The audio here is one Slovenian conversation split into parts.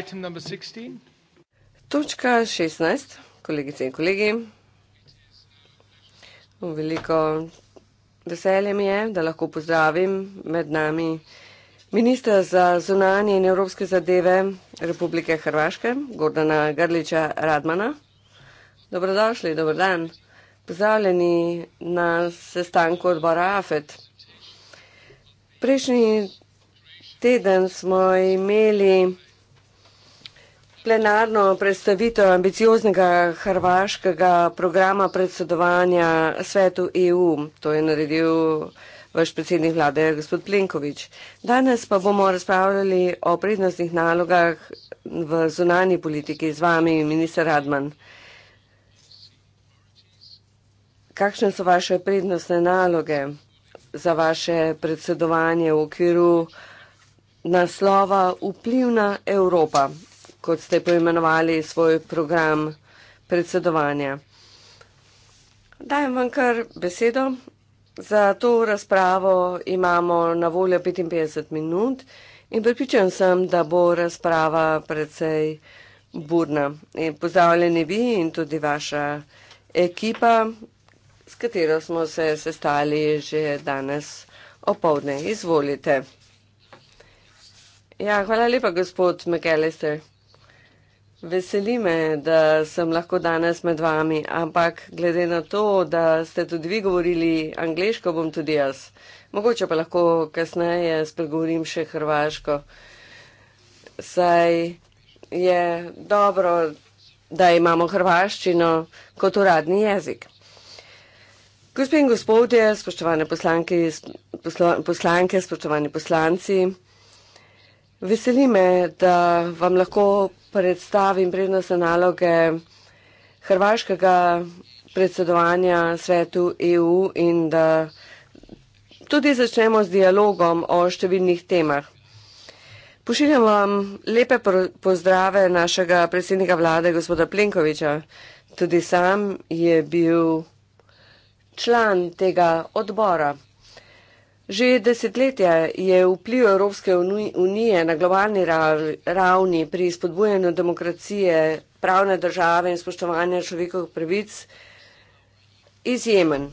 Item number 16. Točka 16, kolegice in kolegi. Veliko veselje mi je, da lahko pozdravim med nami ministra za zunanje in evropske zadeve Republike Hrvaške, Gordana Grliča Radmana. Dobrodošli, dobro dan. Pozdravljeni na sestanku odbora AFET. Prejšnji teden smo imeli Plenarno predstavitev ambicioznega hrvaškega programa predsedovanja svetu EU, to je naredil vaš predsednik vlade, gospod Plenković. Danes pa bomo razpravljali o prednostnih nalogah v zunani politiki z vami, minister Radman. Kakšne so vaše prednostne naloge za vaše predsedovanje v okviru naslova Vplivna Evropa? kot ste poimenovali svoj program predsedovanja. Dajem vam kar besedo. Za to razpravo imamo na voljo 55 minut in pripričan sem, da bo razprava precej burna. In pozdravljeni vi in tudi vaša ekipa, s katero smo se sestali že danes opovdne. Izvolite. Ja, hvala lepa, gospod McAllister. Veseli me, da sem lahko danes med vami, ampak glede na to, da ste tudi vi govorili angliško, bom tudi jaz. Mogoče pa lahko kasneje spregovorim še hrvaško. Saj je dobro, da imamo hrvaščino kot uradni jezik. Gospe in gospodje, spoštovane poslanke, poslo, poslanke spoštovani poslanci, veseli me, da vam lahko predstavim prednostne naloge hrvaškega predsedovanja svetu EU in da tudi začnemo z dialogom o številnih temah. Pošiljam vam lepe pozdrave našega predsednika vlade, gospoda Plenkoviča. Tudi sam je bil član tega odbora. Že desetletja je vpliv Evropske unije na globalni ravni pri spodbujanju demokracije, pravne države in spoštovanja človekovih pravic izjemen.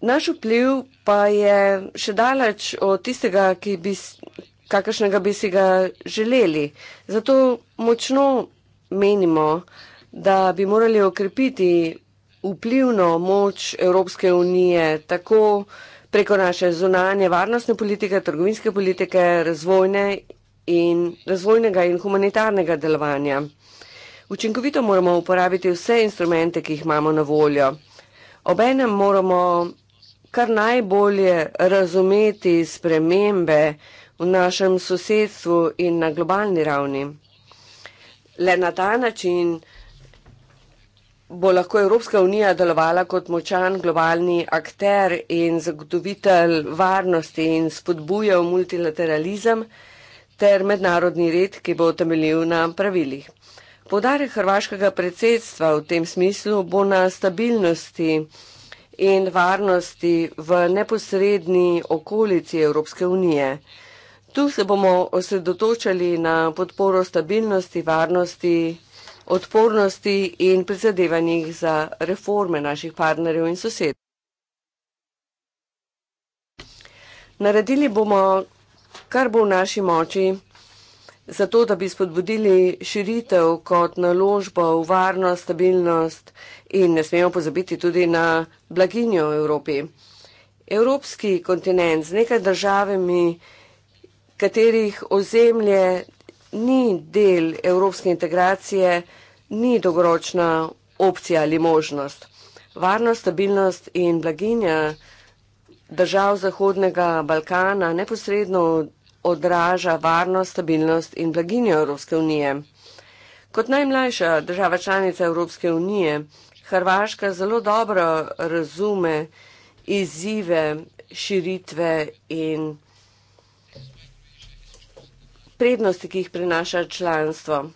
Naš vpliv pa je še daleč od tistega, bi, kakršnega bi si ga želeli. Zato močno menimo, da bi morali okrepiti vplivno moč Evropske unije tako, preko naše zunanje varnostne politike, trgovinske politike, razvojne in, razvojnega in humanitarnega delovanja. Učinkovito moramo uporabiti vse instrumente, ki jih imamo na voljo. Obenem moramo kar najbolje razumeti spremembe v našem sosedstvu in na globalni ravni. Le na ta način bo lahko Evropska unija delovala kot močan globalni akter in zagotovitelj varnosti in spodbujal multilateralizem ter mednarodni red, ki bo temeljil na pravilih. Podarek hrvaškega predsedstva v tem smislu bo na stabilnosti in varnosti v neposrednji okolici Evropske unije. Tu se bomo osredotočali na podporo stabilnosti, varnosti odpornosti in prizadevanjih za reforme naših partnerjev in sosed. Naredili bomo, kar bo v naši moči, zato, da bi spodbudili širitev kot naložbo v varnost, stabilnost in ne smemo pozabiti tudi na blaginjo v Evropi. Evropski kontinent z nekaj državami, katerih ozemlje ni del evropske integracije, ni dogoročna opcija ali možnost. Varnost, stabilnost in blaginja držav Zahodnega Balkana neposredno odraža varnost, stabilnost in blaginjo Evropske unije. Kot najmlajša država članica Evropske unije, Hrvaška zelo dobro razume izzive širitve in prednosti, ki jih prinaša članstvo.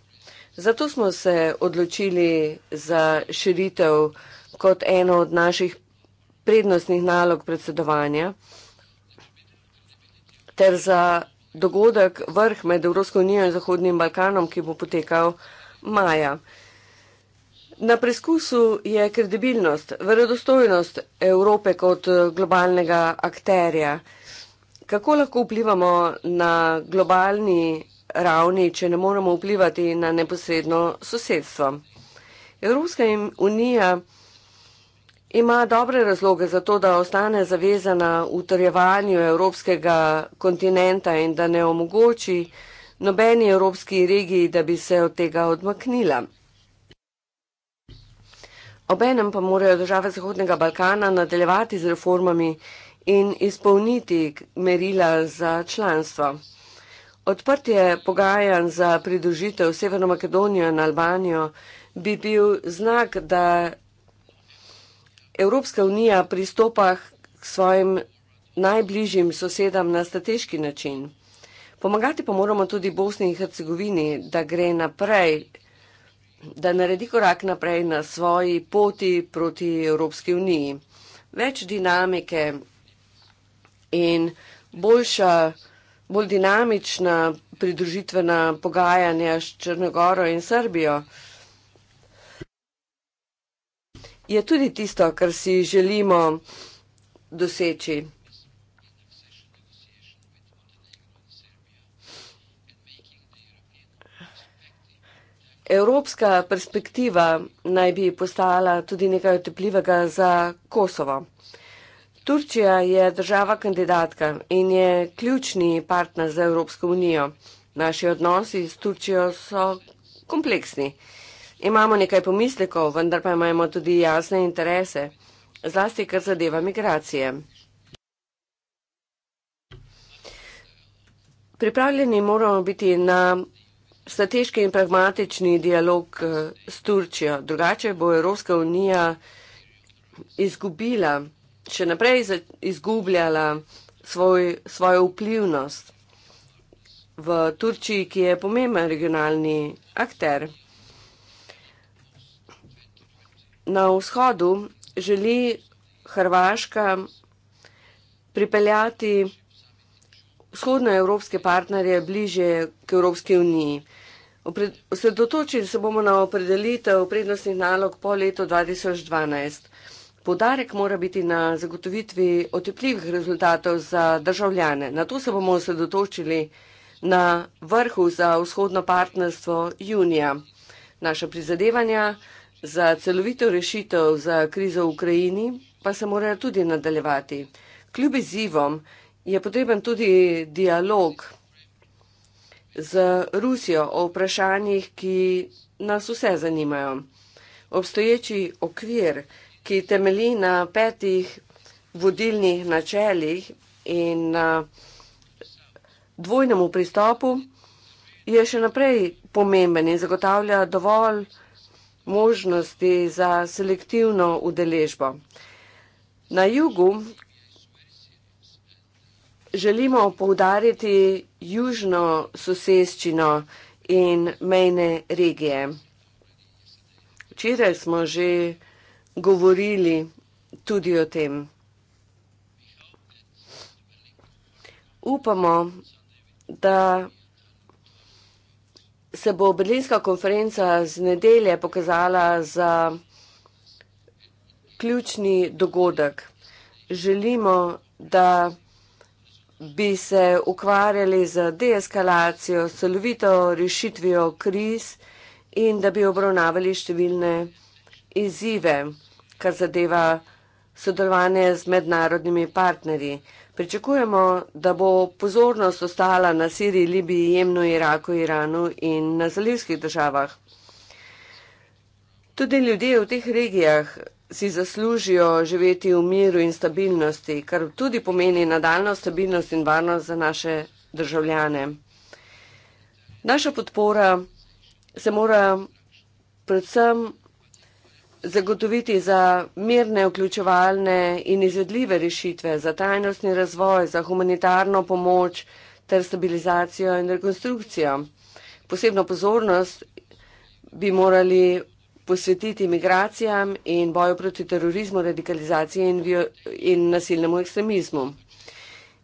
Zato smo se odločili za širitev kot eno od naših prednostnih nalog predsedovanja ter za dogodek vrh med Evropsko unijo in Zahodnim Balkanom, ki bo potekal maja. Na preskusu je kredibilnost, verodostojnost Evrope kot globalnega akterja kako lahko vplivamo na globalni ravni, če ne moremo vplivati na neposredno sosedstvo. Evropska unija ima dobre razloge za to, da ostane zavezana utrjevanju evropskega kontinenta in da ne omogoči nobeni evropski regiji, da bi se od tega odmaknila. Obenem pa morajo države Zahodnega Balkana nadaljevati z reformami in izpolniti merila za članstvo. Odprtje pogajanj za pridružitev Severno Makedonijo in Albanijo bi bil znak, da Evropska unija pristopa k svojim najbližjim sosedam na strateški način. Pomagati pa moramo tudi Bosni in Hercegovini, da gre naprej, da naredi korak naprej na svoji poti proti Evropski uniji. Več dinamike in boljša, bolj dinamična pridružitvena pogajanja s Črnogoro in Srbijo. Je tudi tisto, kar si želimo doseči. Evropska perspektiva naj bi postala tudi nekaj otepljivega za Kosovo. Turčija je država kandidatka in je ključni partner za Evropsko unijo. Naši odnosi s Turčijo so kompleksni. Imamo nekaj pomislekov, vendar pa imamo tudi jasne interese, zlasti kar zadeva migracije. Pripravljeni moramo biti na strateški in pragmatični dialog eh, s Turčijo, drugače bo Evropska unija izgubila še naprej izgubljala svoj, svojo vplivnost v Turčiji, ki je pomemben regionalni akter. Na vzhodu želi Hrvaška pripeljati vzhodnoevropske partnerje bliže k Evropski uniji. Osredotočili se bomo na opredelitev prednostnih nalog po letu 2012. Podarek mora biti na zagotovitvi otepljivih rezultatov za državljane. Na to se bomo osredotočili na vrhu za vzhodno partnerstvo junija. Naša prizadevanja za celovito rešitev za krizo v Ukrajini pa se morajo tudi nadaljevati. Kljub izzivom je potreben tudi dialog z Rusijo o vprašanjih, ki nas vse zanimajo. Obstoječi okvir ki temelji na petih vodilnih načelih in dvojnemu pristopu, je še naprej pomemben in zagotavlja dovolj možnosti za selektivno udeležbo. Na jugu želimo poudariti južno soseščino in mejne regije. Včeraj smo že govorili tudi o tem. Upamo, da se bo Berlinska konferenca z nedelje pokazala za ključni dogodek. Želimo, da bi se ukvarjali z deeskalacijo, celovito rešitvijo kriz in da bi obravnavali številne izzive, kar zadeva sodelovanje z mednarodnimi partnerji. Pričakujemo, da bo pozornost ostala na Siriji, Libiji, Jemnu, Iraku, Iranu in na zalivskih državah. Tudi ljudje v teh regijah si zaslužijo živeti v miru in stabilnosti, kar tudi pomeni nadaljno stabilnost in varnost za naše državljane. Naša podpora se mora predvsem zagotoviti za mirne, vključevalne in izvedljive rešitve, za tajnostni razvoj, za humanitarno pomoč ter stabilizacijo in rekonstrukcijo. Posebno pozornost bi morali posvetiti migracijam in boju proti terorizmu, radikalizaciji in, in nasilnemu ekstremizmu.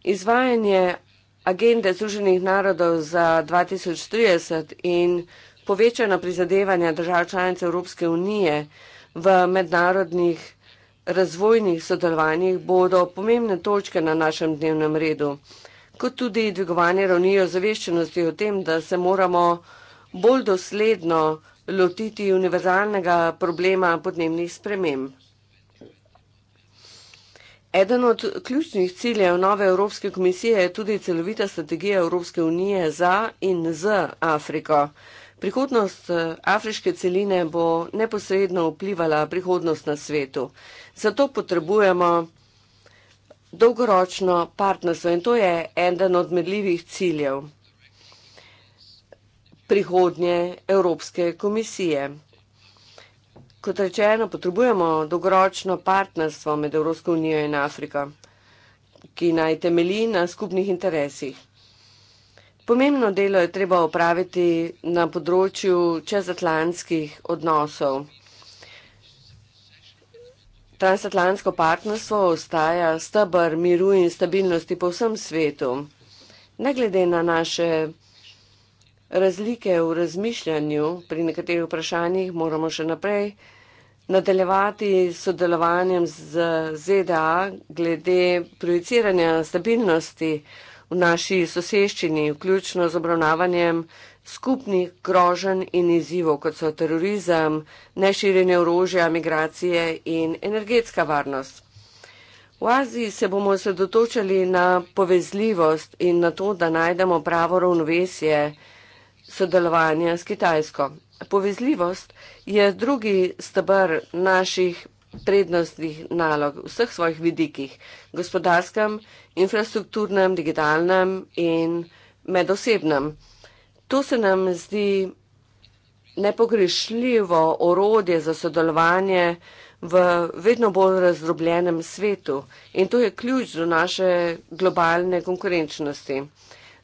Izvajanje agende Združenih narodov za 2030 in povečana prizadevanja držav članice Evropske unije v mednarodnih razvojnih sodelovanjih bodo pomembne točke na našem dnevnem redu, kot tudi dvigovanje ravni ozaveščenosti o tem, da se moramo bolj dosledno lotiti univerzalnega problema podnebnih sprememb. Eden od ključnih ciljev nove Evropske komisije je tudi celovita strategija Evropske unije za in z Afriko. Prihodnost eh, afriške celine bo neposredno vplivala prihodnost na svetu. Zato potrebujemo dolgoročno partnerstvo in to je eden od medljivih ciljev prihodnje Evropske komisije. Kot rečeno, potrebujemo dolgoročno partnerstvo med Evropsko unijo in Afriko, ki naj temelji na skupnih interesih. Pomembno delo je treba opraviti na področju čezatlantskih odnosov. Transatlantsko partnerstvo ostaja stebr miru in stabilnosti po vsem svetu. Ne glede na naše razlike v razmišljanju pri nekaterih vprašanjih, moramo še naprej nadaljevati sodelovanjem z ZDA glede projiciranja stabilnosti v naši soseščini, vključno z obravnavanjem skupnih grožen in izzivov, kot so terorizem, neširjenje orožja, migracije in energetska varnost. V Aziji se bomo sredotočali na povezljivost in na to, da najdemo pravo ravnovesje sodelovanja s Kitajsko. Povezljivost je drugi stebr naših prednostnih nalog v vseh svojih vidikih, gospodarskem, infrastrukturnem, digitalnem in medosebnem. To se nam zdi nepogrešljivo orodje za sodelovanje v vedno bolj razdrobljenem svetu in to je ključ do naše globalne konkurenčnosti.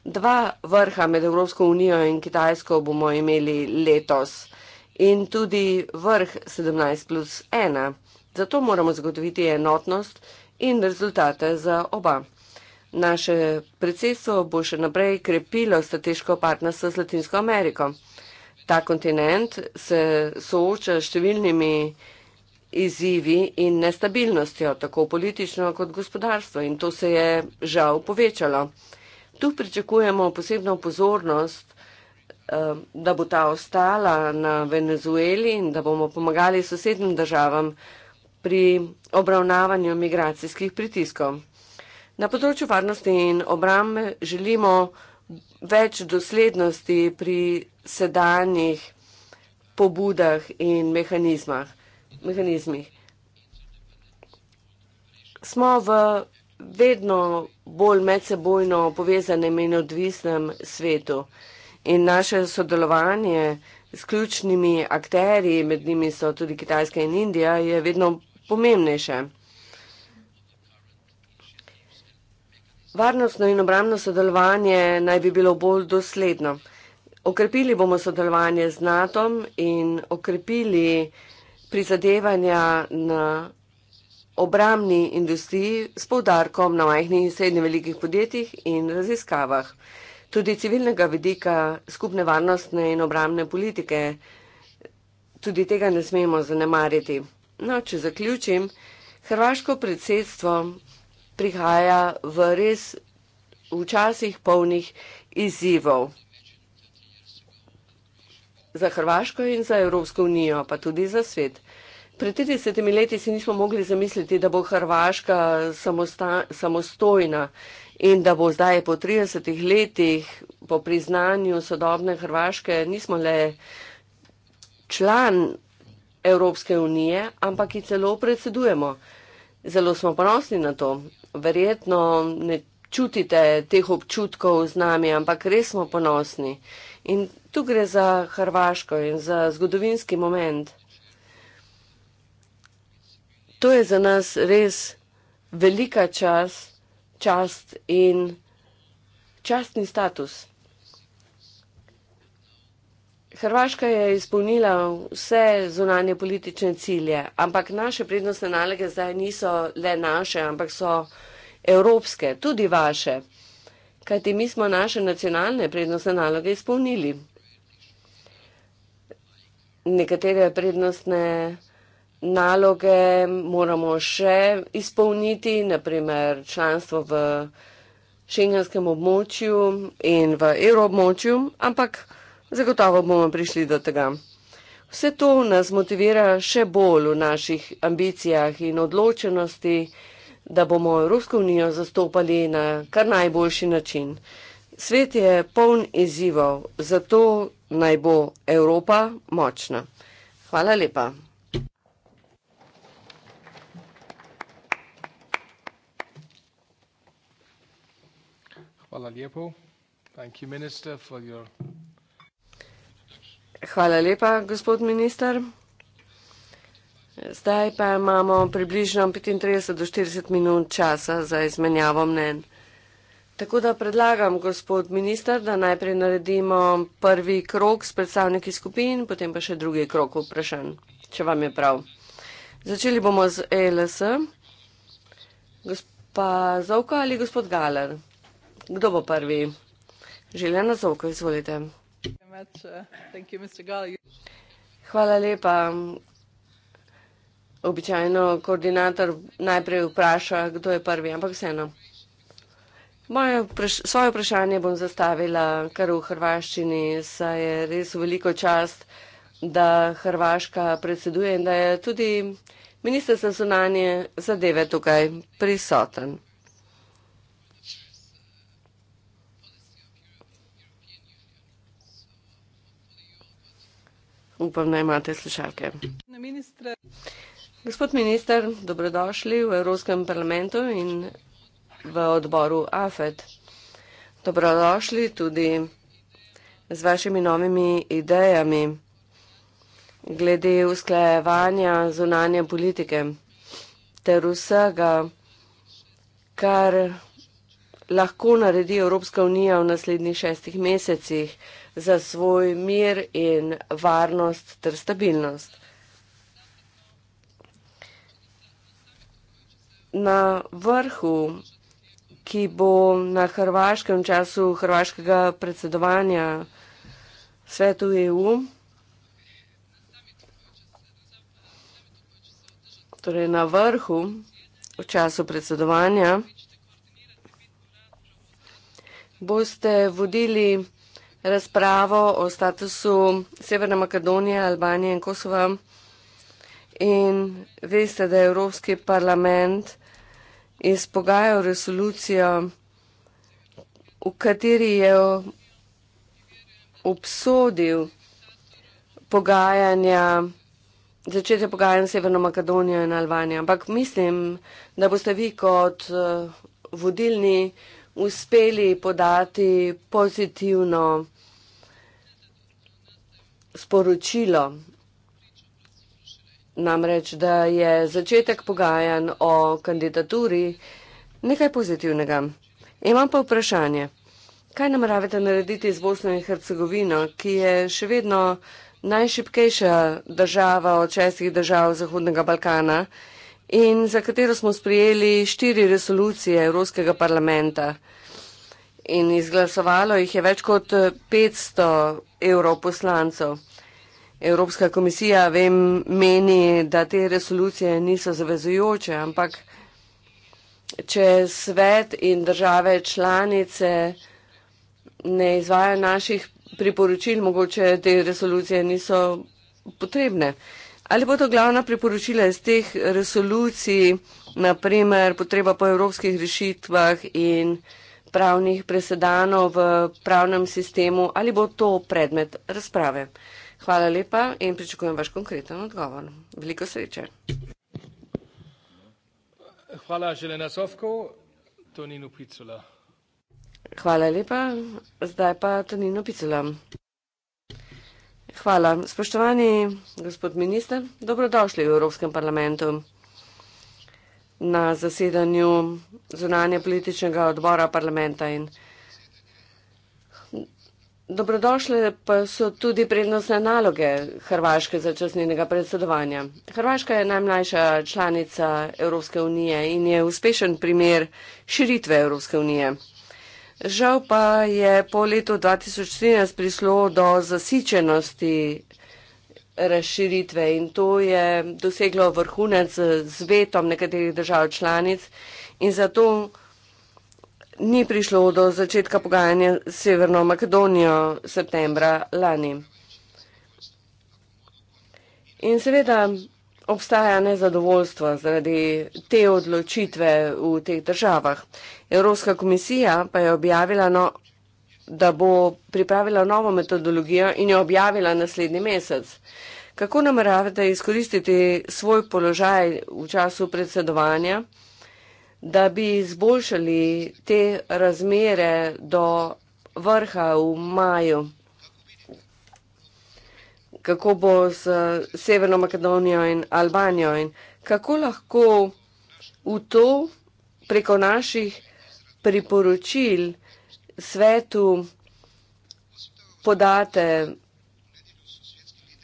Dva vrha med Evropsko unijo in Kitajsko bomo imeli letos in tudi vrh 17 plus 1. Zato moramo zagotoviti enotnost in rezultate za oba. Naše predsedstvo bo še naprej krepilo strateško partnerstvo z Latinsko Ameriko. Ta kontinent se sooča s številnimi izzivi in nestabilnostjo, tako politično kot gospodarstvo in to se je žal povečalo. Tu pričakujemo posebno pozornost, eh, da bo ta ostala na Venezueli in da bomo pomagali sosednjim državam pri obravnavanju migracijskih pritiskov. Na področju varnosti in obrambe želimo več doslednosti pri sedanjih pobudah in mehanizmih. Smo v vedno bolj medsebojno povezanem in odvisnem svetu in naše sodelovanje s ključnimi akterji, med njimi so tudi Kitajska in Indija, je vedno pomembnejše. Varnostno in obramno sodelovanje naj bi bilo bolj dosledno. Okrepili bomo sodelovanje z NATO in okrepili prizadevanja na obramni industriji s povdarkom na majhnih in srednje velikih podjetjih in raziskavah. Tudi civilnega vidika skupne varnostne in obramne politike, tudi tega ne smemo zanemariti. No, če zaključim, hrvaško predsedstvo prihaja v res včasih polnih izzivov za Hrvaško in za Evropsko unijo, pa tudi za svet. Pred 30 leti si nismo mogli zamisliti, da bo Hrvaška samostojna in da bo zdaj po 30 letih, po priznanju sodobne Hrvaške, nismo le član Evropske unije, ampak ji celo predsedujemo. Zelo smo ponosni na to. Verjetno ne čutite teh občutkov z nami, ampak res smo ponosni. In tu gre za Hrvaško in za zgodovinski moment. To je za nas res velika čas, čast in častni status. Hrvaška je izpolnila vse zunanje politične cilje, ampak naše prednostne naloge zdaj niso le naše, ampak so evropske, tudi vaše. Kajti mi smo naše nacionalne prednostne naloge izpolnili. Nekatere prednostne naloge moramo še izpolniti, naprimer članstvo v šengenskem območju in v evroobmočju, ampak. Zagotovo bomo prišli do tega. Vse to nas motivira še bolj v naših ambicijah in odločenosti, da bomo Evropsko unijo zastopali na kar najboljši način. Svet je poln izzivov, zato naj bo Evropa močna. Hvala lepa. Hvala lepo. Thank you, minister, for your Hvala lepa, gospod minister. Zdaj pa imamo približno 35 do 40 minut časa za izmenjavo mnen. Tako da predlagam, gospod minister, da najprej naredimo prvi krok s predstavniki skupin, potem pa še drugi krok vprašanj, če vam je prav. Začeli bomo z ELS. Gospa Zovka ali gospod Galer? Kdo bo prvi? Željena Zovka, izvolite. Hvala lepa. Običajno koordinator najprej vpraša, kdo je prvi, ampak vseeno. Vpraš svoje vprašanje bom zastavila kar v Hrvaščini, saj je res veliko čast, da Hrvaška predseduje in da je tudi minister za zunanje zadeve tukaj prisoten. Upam, da imate slušalke. Ministre. Gospod minister, dobrodošli v Evropskem parlamentu in v odboru AFED. Dobrodošli tudi z vašimi novimi idejami glede usklajevanja zunanje politike ter vsega, kar lahko naredi Evropska unija v naslednjih šestih mesecih za svoj mir in varnost ter stabilnost. Na vrhu, ki bo na Hrvaškem času Hrvaškega predsedovanja svetu EU, torej na vrhu v času predsedovanja, boste vodili vrhu, razpravo o statusu Severne Makedonije, Albanije in Kosova. In veste, da je Evropski parlament izpogajal resolucijo, v kateri je obsodil pogajanja, začetek pogajanja Severno Makedonijo in Albanijo. Ampak mislim, da boste vi kot eh, vodilni uspeli podati pozitivno sporočilo. Namreč, da je začetek pogajan o kandidaturi nekaj pozitivnega. Imam pa vprašanje, kaj nameravate narediti z Bosno in Hercegovino, ki je še vedno najšipkejša država od šestih držav Zahodnega Balkana in za katero smo sprijeli štiri resolucije Evropskega parlamenta in izglasovalo jih je več kot 500 evroposlancev. Evropska komisija vem, meni, da te resolucije niso zavezujoče, ampak če svet in države članice ne izvaja naših priporočil, mogoče te resolucije niso potrebne. Ali bodo glavna priporočila iz teh resolucij, naprimer potreba po evropskih rešitvah in pravnih presedano v pravnem sistemu ali bo to predmet razprave. Hvala lepa in pričakujem vaš konkreten odgovor. Veliko sreče. Hvala Želena Sovko, Toninu Picula. Hvala lepa, zdaj pa Toninu Picula. Hvala. Spoštovani gospod minister, dobrodošli v Evropskem parlamentu na zasedanju zunanje političnega odbora parlamenta in dobrodošle pa so tudi prednostne naloge Hrvaške začasnjenega predsedovanja. Hrvaška je najmlajša članica Evropske unije in je uspešen primer širitve Evropske unije. Žal pa je po letu 2013 prišlo do zasičenosti razširitve in to je doseglo vrhunec z vetom nekaterih držav članic in zato ni prišlo do začetka pogajanja s Severno Makedonijo septembra lani. In seveda obstaja nezadovoljstvo zaradi te odločitve v teh državah. Evropska komisija pa je objavila no, da bo pripravila novo metodologijo in jo objavila naslednji mesec. Kako nameravate izkoristiti svoj položaj v času predsedovanja, da bi izboljšali te razmere do vrha v maju? Kako bo z Severno Makedonijo in Albanijo in kako lahko v to preko naših priporočil svetu podate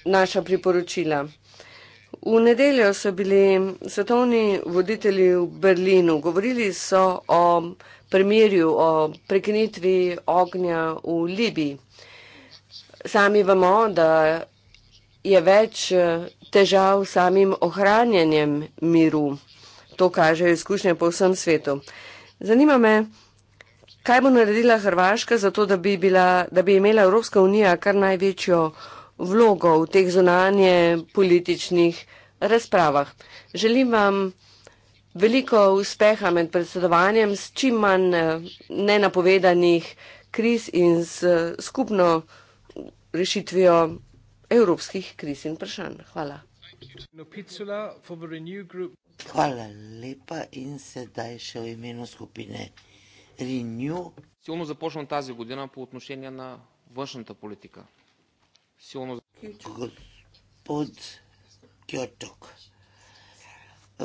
naša priporočila. V nedeljo so bili svetovni voditelji v Berlinu. Govorili so o premirju, o prekinitvi ognja v Libiji. Sami vemo, da je več težav samim ohranjanjem miru. To kažejo izkušnje po vsem svetu. Zanima me, Kaj bo naredila Hrvaška za to, da bi, bila, da bi imela Evropska unija kar največjo vlogo v teh zunanje političnih razpravah? Želim vam veliko uspeha med predsedovanjem s čim manj eh, nenapovedanih kriz in s eh, skupno rešitvijo evropskih kriz in vprašanj. Hvala. Hvala lepa in sedaj še v imenu skupine при ню. Силно започна тази година по отношение на външната политика. Силно... Господ Кьоток.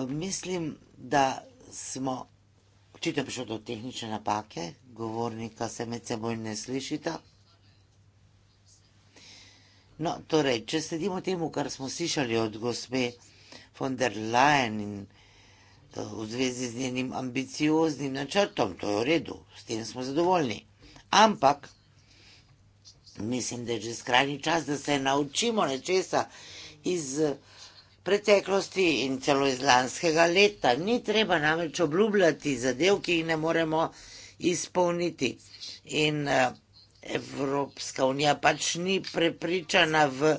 Мислим да смо... Читам, защото технична напаке, говорника се ме цебой не слишита. Но, торе, че следимо тему, кар смо слишали от госпе фон дер Лайен и v zvezi z njenim ambicioznim načrtom, to je v redu, s tem smo zadovoljni. Ampak mislim, da je že skrajni čas, da se naučimo nečesa iz preteklosti in celo iz lanskega leta. Ni treba namreč obljubljati zadev, ki jih ne moremo izpolniti. In eh, Evropska unija pač ni prepričana v.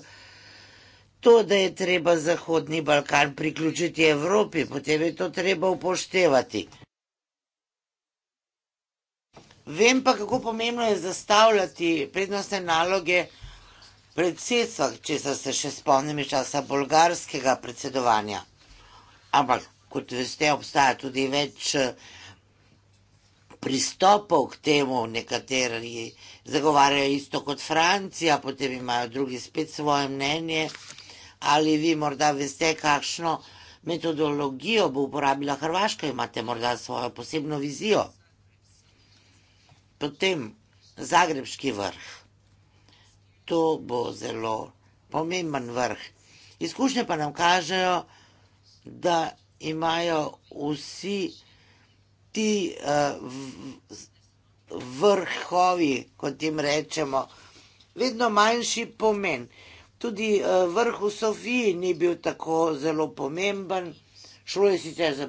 To, da je treba Zahodni Balkan priključiti Evropi, potem je to treba upoštevati. Vem pa, kako pomembno je zastavljati prednostne naloge predsedstva, če so se še spomnili časa bolgarskega predsedovanja. Ampak, kot veste, obstaja tudi več eh, pristopov k temu, nekateri zagovarjajo isto kot Francija, potem imajo drugi spet svoje mnenje ali vi morda veste, kakšno metodologijo bo uporabila Hrvaška, imate morda svojo posebno vizijo. Potem Zagrebški vrh. To bo zelo pomemben vrh. Izkušnje pa nam kažejo, da imajo vsi ti eh, vrhovi, kot jim rečemo, vedno manjši pomen. Tudi eh, vrh v Sofiji ni bil tako zelo pomemben, šlo je sicer za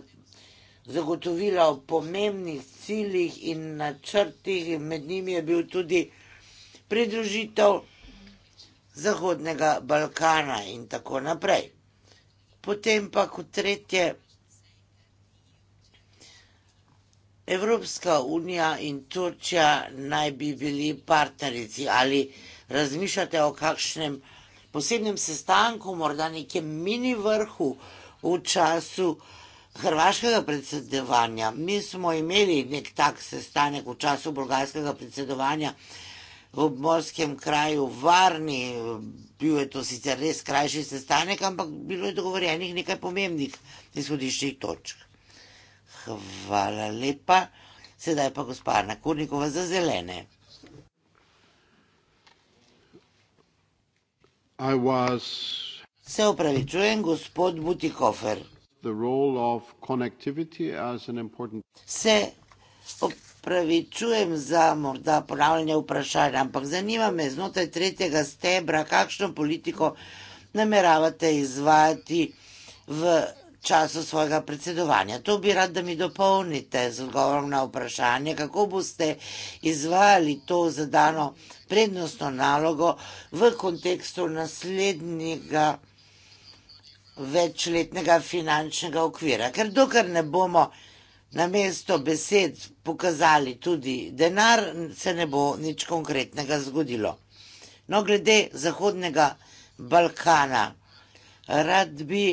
zagotovila o pomembnih ciljih in načrtih, med njimi je bil tudi pridružitev Zahodnega Balkana in tako naprej. Potem pa kot tretje, Evropska unija in Turčja naj bi bili partnerici ali razmišljate o kakšnem vsega, posebnem sestanku, morda nekem mini vrhu v času hrvaškega predsedovanja. Mi smo imeli nek tak sestanek v času bolgarskega predsedovanja v obmorskem kraju Varni, bil je to sicer res krajši sestanek, ampak bilo je dogovorjenih nekaj pomembnih izhodiščnih točk. Hvala lepa. Sedaj pa gospa Anna Kurnikova za zelene. I was Se upravičujem, gospod Butikofer. The role of connectivity as an important Se upravičujem za morda ponavljanje vprašanja, ampak zanima me znotraj tretjega stebra, kakšno politiko nameravate izvajati v času svojega predsedovanja. To bi rad, da mi dopolnite z odgovorom na vprašanje, kako boste izvajali to zadano prednostno nalogo v kontekstu naslednjega večletnega finančnega okvira. Ker dokler ne bomo na mesto besed pokazali tudi denar, se ne bo nič konkretnega zgodilo. No, glede Zahodnega Balkana, rad bi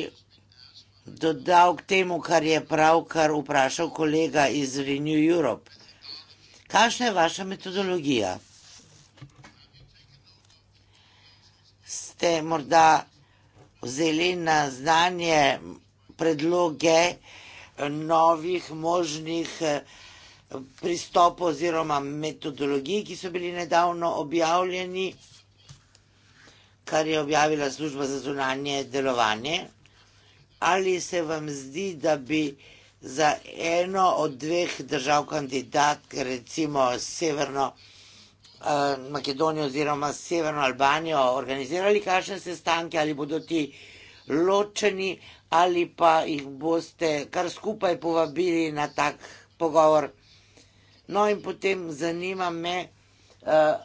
dodal k temu, kar je pravkar vprašal kolega iz Renew Europe. Kakšna je vaša metodologija? ste morda vzeli na znanje predloge eh, novih možnih eh, pristopov oziroma metodologij, ki so bili nedavno objavljeni, kar je objavila služba za zunanje delovanje. Ali se vam zdi, da bi za eno od dveh držav kandidatk, recimo Severno-Kandidatke, Eh, Makedonijo oziroma Severno Albanijo organizirali kakšne sestanke ali bodo ti ločeni ali pa jih boste kar skupaj povabili na tak pogovor. No in potem zanima me, eh,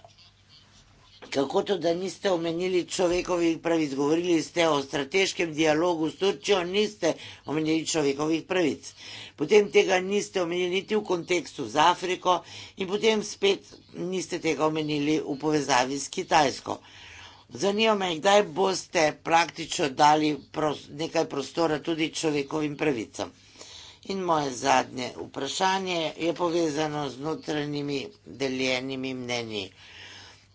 kako to, da niste omenili človekovih pravic, govorili ste o strateškem dialogu s Turčijo, niste omenili človekovih pravic. Potem tega niste omenili niti v kontekstu z Afriko in potem spet niste tega omenili v povezavi s Kitajsko. Zanima me, kdaj boste praktično dali nekaj prostora tudi človekovim pravicam. In moje zadnje vprašanje je povezano z notranjimi deljenimi mnenji.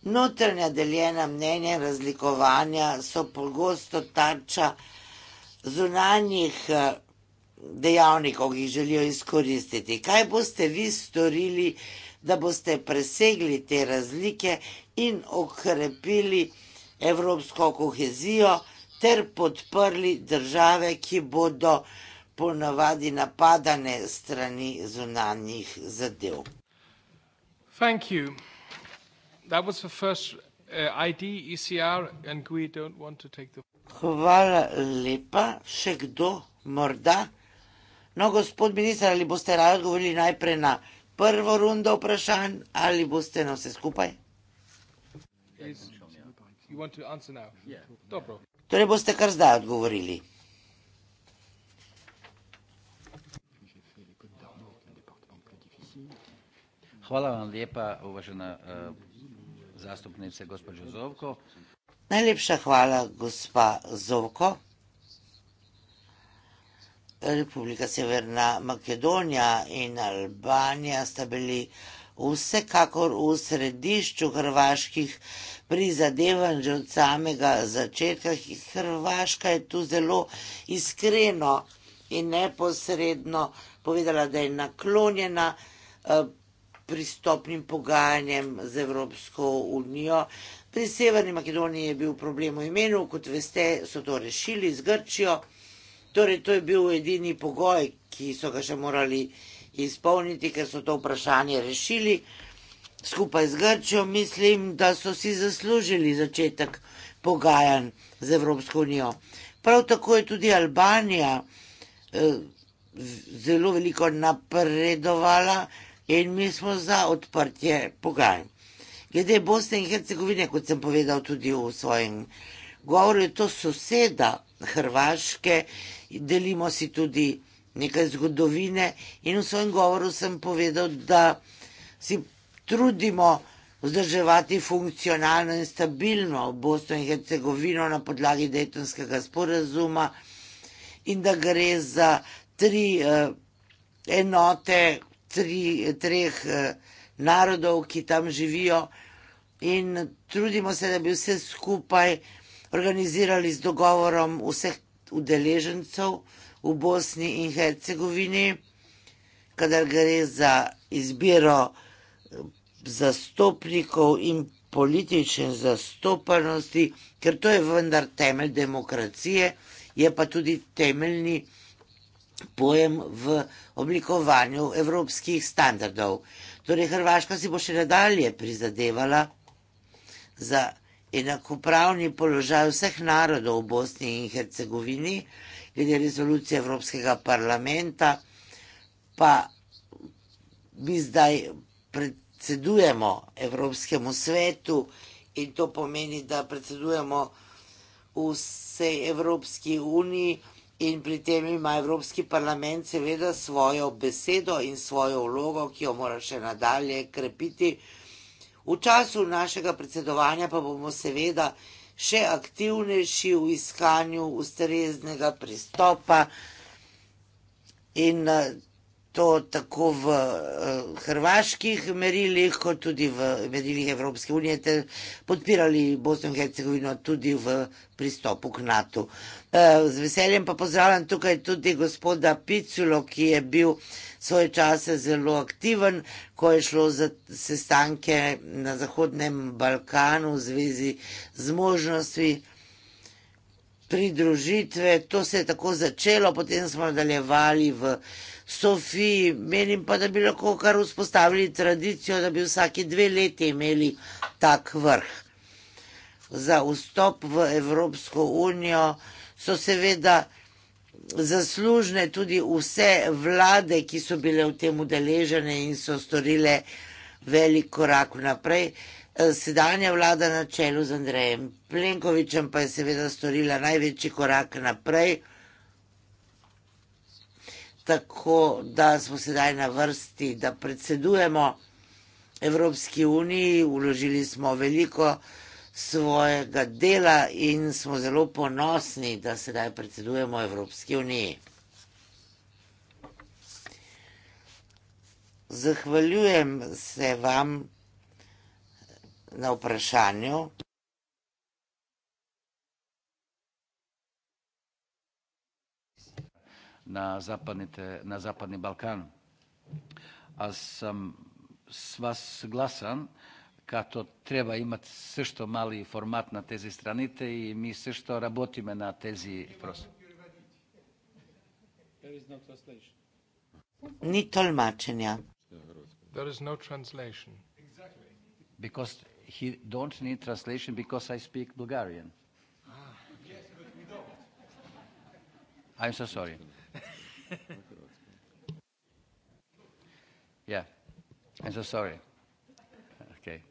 Notranja deljena mnenja in razlikovanja so pogosto tarča zunanjih eh, dejavnikov, ki jih želijo izkoristiti. Kaj boste vi storili, da boste presegli te razlike in okrepili evropsko kohezijo ter podprli države, ki bodo ponavadi napadane strani zunanjih zadev? Thank you. That was the first uh, ID, ECR, and we don't want to take the. Hvala lepa, še kdo morda? No, gospod minister, ali boste radi odgovorili najprej na prvo rundo vprašanj ali boste na vse skupaj? Torej boste kar zdaj odgovorili. Hvala vam lepa, uvažena uh, zastupnice gospođo Zovko. Najlepša hvala, gospa Zovko. Republika Severna Makedonija in Albanija sta bili vsekakor v središču hrvaških prizadevanj že od samega začetka. Hrvaška je tu zelo iskreno in neposredno povedala, da je naklonjena eh, pristopnim pogajanjem z Evropsko unijo. Pri Severni Makedoniji je bil problem v imenu, kot veste, so to rešili z Grčijo. Torej, to je bil edini pogoj, ki so ga še morali izpolniti, ker so to vprašanje rešili. Skupaj z Grčijo mislim, da so si zaslužili začetek pogajanj z Evropsko unijo. Prav tako je tudi Albanija eh, zelo veliko napredovala, in mi smo za odprtje pogajanj. Glede Bosne in Hercegovine, kot sem povedal tudi v svojem govoru, je to soseda Hrvaške, delimo si tudi nekaj zgodovine in v svojem govoru sem povedal, da si trudimo vzdrževati funkcionalno in stabilno Bosno in Hercegovino na podlagi Dejtonskega sporazuma in da gre za tri eh, enote, tri, treh eh, narodov, ki tam živijo. In trudimo se, da bi vse skupaj organizirali z dogovorom vseh udeležencev v Bosni in Hercegovini, kadar gre za izbiro eh, zastopnikov in politične zastopanosti, ker to je vendar temelj demokracije, je pa tudi temeljni problem pojem v oblikovanju evropskih standardov. Torej, Hrvaška si bo še nadalje prizadevala za enakopravni položaj vseh narodov v Bosni in Hercegovini, glede rezolucije Evropskega parlamenta, pa mi zdaj predsedujemo Evropskemu svetu in to pomeni, da predsedujemo vsej Evropski uniji, in pri tem ima Evropski parlament seveda svojo besedo in svojo vlogo, ki jo mora še nadalje krepiti. V času našega predsedovanja pa bomo seveda še aktivnejši v iskanju ustreznega pristopa in eh, to tako v uh, hrvaških merilih, kot tudi v merilih Evropske unije, ter podpirali Bosno in Hercegovino tudi v pristopu k NATO. Uh, eh, z veseljem pa pozdravljam tukaj tudi gospoda Piculo, ki je bil svoje čase zelo aktiven, ko je šlo za sestanke na Zahodnem Balkanu v zvezi z možnostmi pridružitve. To se je tako začelo, potem smo nadaljevali v Sofiji. Menim pa, da bi lahko kar vzpostavili tradicijo, da bi vsake dve leti imeli tak vrh. Za vstop v Evropsko unijo so seveda zaslužne tudi vse vlade, ki so bile v tem udeležene in so storile velik korak naprej. Eh, sedanja vlada na čelu z Andrejem Plenkovičem pa je seveda storila največji korak naprej tako da smo sedaj na vrsti, da predsedujemo Evropski uniji, uložili smo veliko svojega dela in smo zelo ponosni, da sedaj predsedujemo Evropski uniji. Zahvaljujem se vam na vprašanju. na zapadni, te, na zapadni Balkan. A sam s vas glasan kato treba imati sve što mali format na tezi stranite i mi sve što rabotime na tezi prosim. No Ni tolmačenja. There is no translation. Exactly. Because he don't need translation because I speak Bulgarian. Ah, yes, but we don't. I'm so sorry yeah. Ja. so sorry. Okay.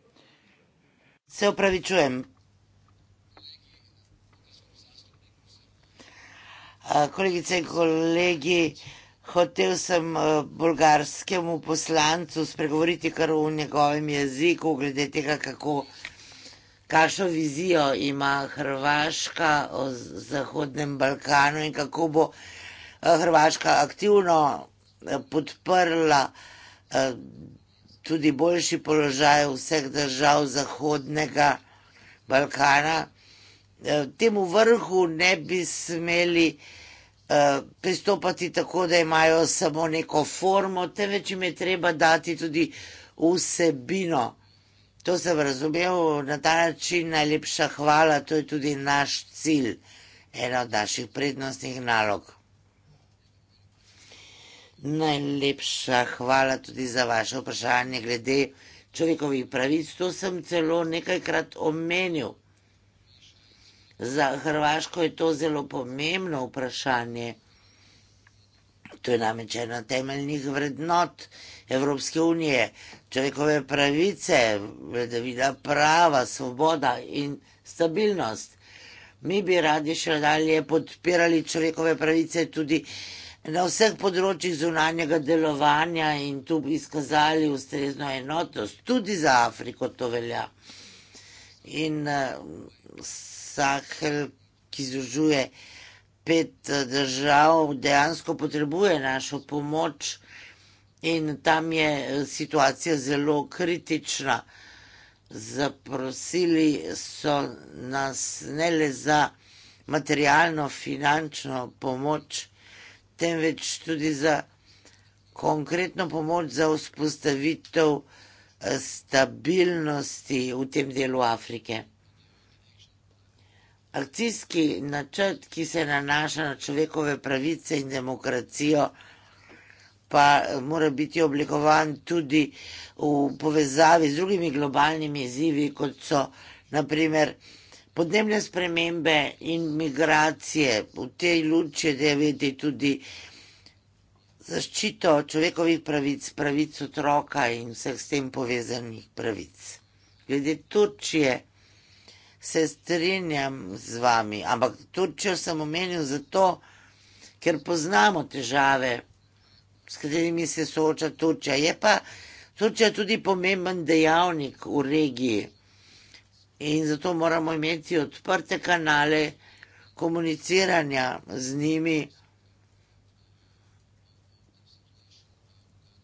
Se opravičujem. Kolegice in kolegi, hotel sem bolgarskemu poslancu spregovoriti kar v njegovem jeziku, glede tega, kako, kakšno vizijo ima Hrvaška o Zahodnem Balkanu in kako bo Eh, Hrvaška aktivno eh, podprla eh, tudi boljši položaj vseh držav Zahodnega Balkana. Temu vrhu ne bi smeli pristopati tako, da imajo samo neko formo, temveč jim je treba dati tudi vsebino. To sem razumel na ta način. Najlepša hvala, to je tudi naš cilj, ena od naših prednostnih nalog. Najlepša hvala tudi za vaše vprašanje glede človekovih pravic. To sem celo nekajkrat omenil. Za Hrvaško je to zelo pomembno vprašanje. To je namreč ena temeljnih vrednot Evropske unije, človekove pravice, vladavina prava, svoboda in stabilnost. Mi bi radi še nadalje podpirali človekove pravice tudi na vseh področjih zunanjega delovanja in tu bi izkazali ustrezno enotnost, tudi za Afriko to velja. In eh, Sahel, ki združuje pet eh, držav, dejansko potrebuje našo pomoč in tam je eh, situacija zelo kritična. Zaprosili so nas ne le za materialno, finančno pomoč, temveč tudi za konkretno pomoč za vzpostavitev eh, stabilnosti v tem delu Afrike. Akcijski načrt, ki se nanaša na človekove pravice in demokracijo, pa eh, mora biti oblikovan tudi v povezavi z drugimi globalnimi izzivi, kot so naprimer podnebne spremembe in migracije v tej luči deveti tudi zaščito človekovih pravic, pravic otroka in vseh s tem povezanih pravic. Glede Turčije se strinjam z vami, ampak Turčijo sem omenil zato, ker poznamo težave, s katerimi se sooča Turčija. Je pa Turčija tudi pomemben dejavnik v regiji in zato moramo imeti odprte kanale komuniciranja z njimi.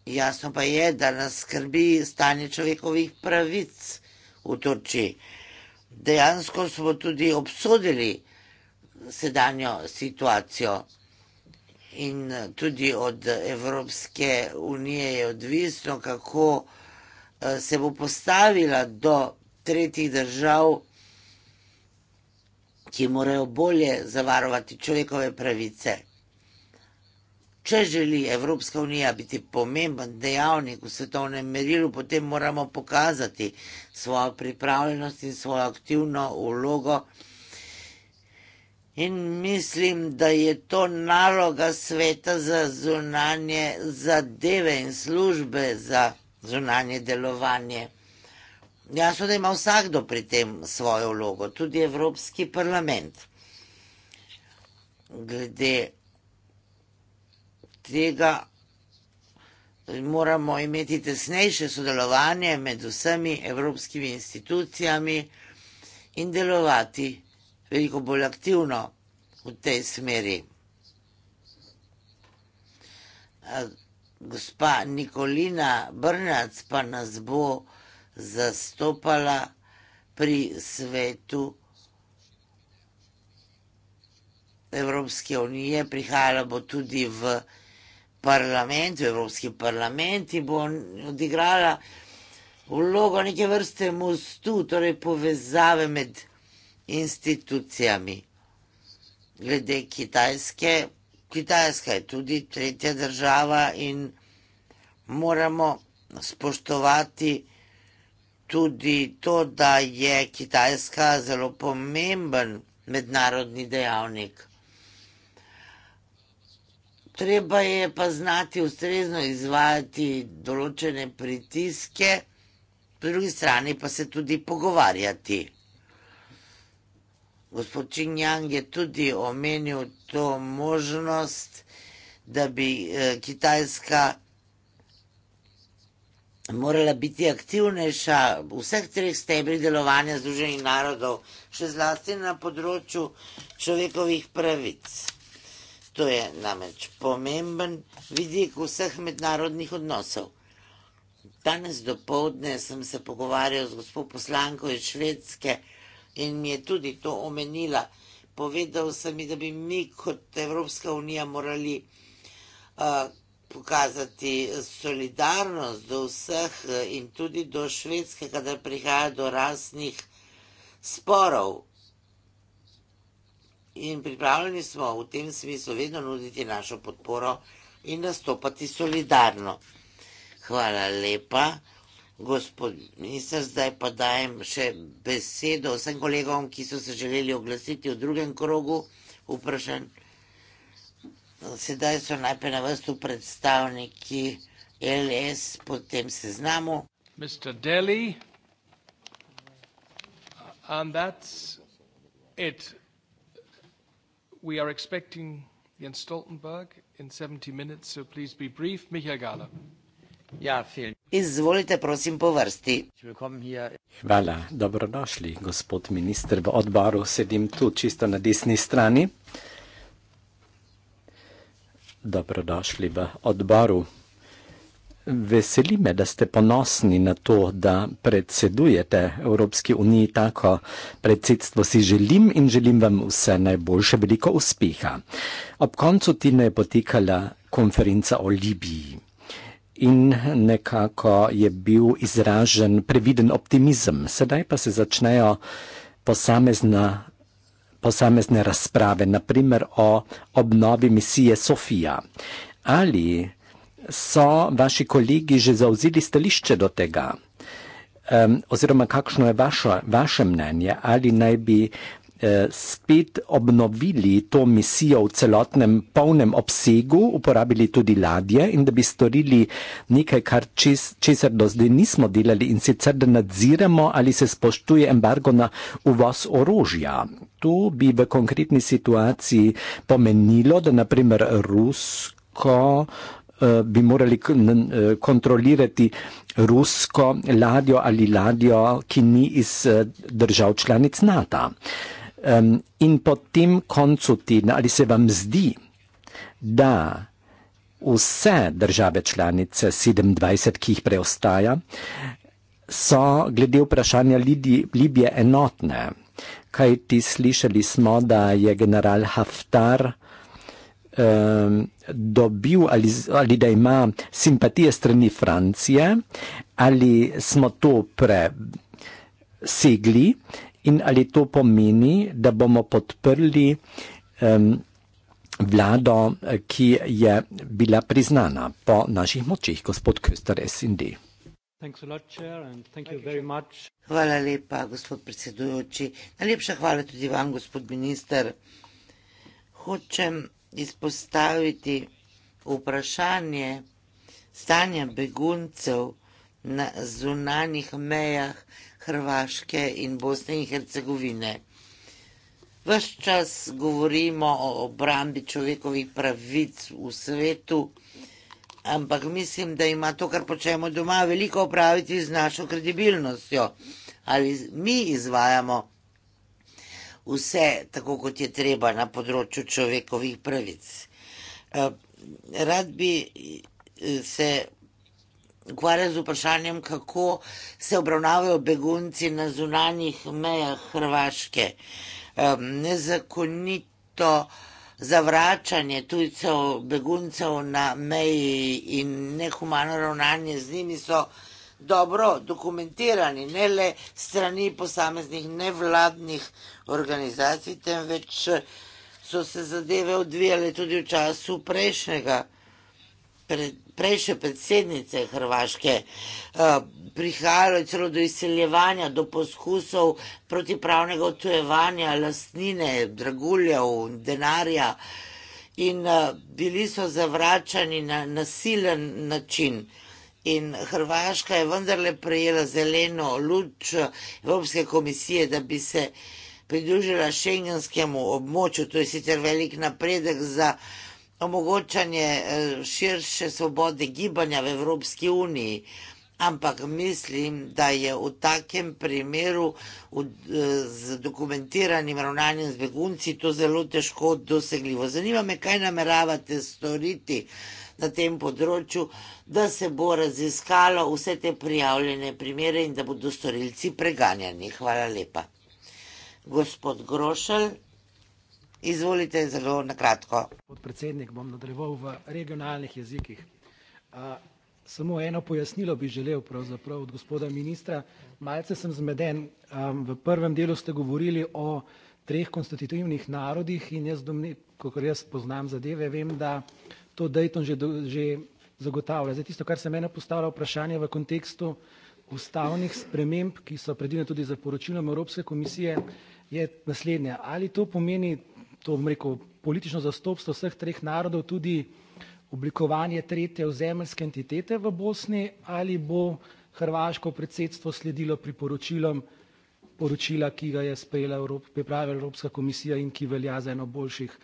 Jasno pa je, da nas skrbi stanje človekovih pravic v Turčiji. Dejansko smo tudi obsodili sedanjo situacijo in tudi od Evropske unije je odvisno, kako eh, se bo postavila do tretjih držav, ki morajo bolje zavarovati človekove pravice. Če želi Evropska unija biti pomemben dejavnik v svetovnem merilu, potem moramo pokazati svojo pripravljenost in svojo aktivno vlogo. In mislim, da je to naloga sveta za zunanje zadeve in službe za zunanje delovanje. Jasno, da ima vsakdo pri tem svojo vlogo, tudi Evropski parlament. Glede tega eh, moramo imeti tesnejše sodelovanje med vsemi evropskimi institucijami in delovati veliko bolj aktivno v tej smeri. Eh, gospa Nikolina Brnac pa nas bo zastopala pri svetu Evropske unije, prihajala bo tudi v parlament, v Evropski parlament in bo odigrala vlogo neke vrste mostu, torej povezave med institucijami. Glede Kitajske, Kitajska je tudi tretja država in moramo spoštovati, da je tudi to, da je Kitajska zelo pomemben mednarodni dejavnik. Treba je pa znati ustrezno izvajati določene pritiske, po drugi strani pa se tudi pogovarjati. Gospod Čingjang je tudi omenil to možnost, da bi eh, Kitajska morala biti aktivnejša v vseh treh stebrih delovanja Združenih narodov, še zlasti na področju človekovih pravic. To je namreč pomemben vidik vseh mednarodnih odnosov. Danes do povdne sem se pogovarjal z gospod poslanko iz Švedske in mi je tudi to omenila. Povedal sem mi, da bi mi kot Evropska unija morali uh, pokazati solidarnost do vseh in tudi do švedske, kadar prihaja do raznih sporov. In pripravljeni smo v tem smislu vedno nuditi našo podporo in nastopati solidarno. Hvala lepa, gospod minister. Zdaj pa dajem še besedo vsem kolegom, ki so se želeli oglasiti v drugem krogu vprašanj. Sedaj so najprej na vrstu predstavniki LS po tem seznamu. Mr. Deli. And that's it. We are expecting Jens Stoltenberg in 70 minutes, so please be brief. Michael Gala. Ja, vielen Izvolite, prosim, po vrsti. Hvala, dobrodošli, gospod minister. V odboru sedim tu, čisto na desni strani dobrodošli v odboru. Veseli me, da ste ponosni na to, da predsedujete Evropski uniji tako predsedstvo si želim in želim vam vse najboljše, veliko uspeha. Ob koncu tine je potekala konferenca o Libiji in nekako je bil izražen previden optimizem. Sedaj pa se začnejo posamezna posamezne razprave, naprimer o obnovi misije Sofija. Ali so vaši kolegi že zauzeli stališče do tega? Um, oziroma, kakšno je vaše, vaše mnenje, ali naj bi Eh, spet obnovili to misijo v celotnem polnem obsegu, uporabili tudi ladje in da bi storili nekaj, kar čes, česar do zdaj nismo delali in sicer da nadziramo ali se spoštuje embargo na uvoz orožja. To bi v konkretni situaciji pomenilo, da naprimer Rusko eh, bi morali eh, kontrolirati rusko ladjo ali ladjo, ki ni iz držav članic NATO um, in po tem koncu tedna, ali se vam zdi, da vse države članice 27, ki jih preostaja, so glede vprašanja Lidi, Libije enotne. Kaj ti slišali smo, da je general Haftar um, dobil ali, ali da ima simpatije strani Francije, ali smo to presegli in ali to pomeni, da bomo podprli um, vlado, eh, ki je bila priznana po naših močeh, gospod Köster SND. Hvala lepa, gospod predsedujoči. Najlepša hvala tudi vam, gospod minister. Hočem izpostaviti vprašanje stanja beguncev na zunanjih mejah Hrvaške in Bosne in Hercegovine. Ves čas govorimo o obrambi človekovih pravic v svetu, ampak mislim, da ima to, kar počnemo doma, veliko opraviti z našo kredibilnostjo. Ali mi izvajamo vse tako, kot je treba na področju človekovih pravic. Eh, rad bi eh, se ukvarja z vprašanjem, kako se obravnavajo begunci na zunanjih mejah Hrvaške. Nezakonito zavračanje tujcev, beguncev na meji in nehumano ravnanje z njimi so dobro dokumentirani, ne le strani posameznih nevladnih organizacij, temveč so se zadeve odvijale tudi v času prejšnjega pred, prejše predsednice Hrvaške, eh, prihajalo je celo do izseljevanja, do poskusov protipravnega odtujevanja lastnine, draguljev, denarja in eh, bili so zavračani na nasilen način. In Hrvaška je vendarle prejela zeleno luč eh, Evropske komisije, da bi se pridružila šengenskemu območju. To je sicer velik napredek za omogočanje eh, širše svobode gibanja v Evropski uniji, ampak mislim, da je v takem primeru eh, z dokumentiranim ravnanjem z begunci to zelo težko dosegljivo. Zanima me, kaj nameravate storiti na tem področju, da se bo raziskalo vse te prijavljene primere in da bodo storilci preganjani. Hvala lepa. Gospod Grošelj. Izvolite zelo na kratko. Podpredsednik, bom nadaljeval v regionalnih jezikih. A, samo eno pojasnilo bi želel pravzaprav od gospoda ministra. Malce sem zmeden. A, v prvem delu ste govorili o treh konstitutivnih narodih in jaz, kot jaz poznam zadeve, vem, da to Dayton že, že zagotavlja. Zdaj tisto, kar se mene postavlja vprašanje v kontekstu ustavnih sprememb, ki so predvidene tudi za poročilom Evropske komisije, je naslednje. Ali to pomeni to, bom rekel, politično zastopstvo vseh treh narodov tudi oblikovanje tretje ozemljske entitete v Bosni ali bo hrvaško predsedstvo sledilo priporočilom poročila, ki ga je sprejela Evrop, pripravila Evropska komisija in ki velja za eno boljših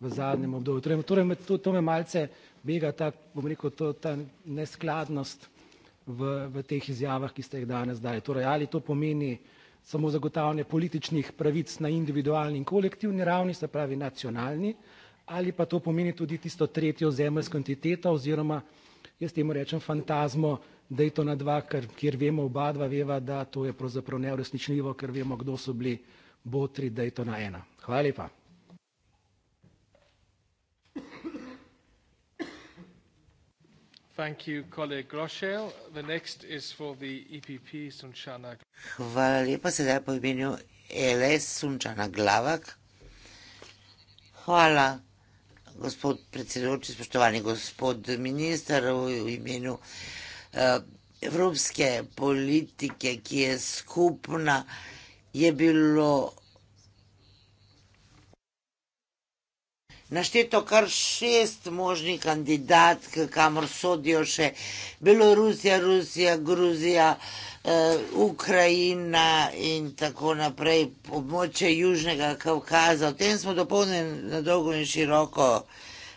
v zadnjem obdobju. Torej, torej to, to me malce bega ta, bom rekel, to, ta neskladnost v, v teh izjavah, ki ste jih danes dali. Torej, ali to pomeni, samo zagotavljanje političnih pravic na individualni in kolektivni ravni, se pravi nacionalni, ali pa to pomeni tudi tisto tretjo zemljsko entiteto oziroma jaz temu rečem fantazmo Daytona 2, kar, kjer vemo oba dva veva, da to je pravzaprav neuresničljivo, ker vemo, kdo so bili botri Daytona 1. Hvala lepa. E Hvala lepa, sedaj po imenu LS Sunčana Glavak. Hvala, gospod predsedujoči, spoštovani gospod minister, v imenu eh, evropske politike, ki je skupna, je bilo našteto kar šest možnih kandidatk, kamor sodijo še Belorusija, Rusija, Gruzija, eh, Ukrajina in tako naprej, območje Južnega Kavkaza. O tem smo dopolnjeni na dolgo in široko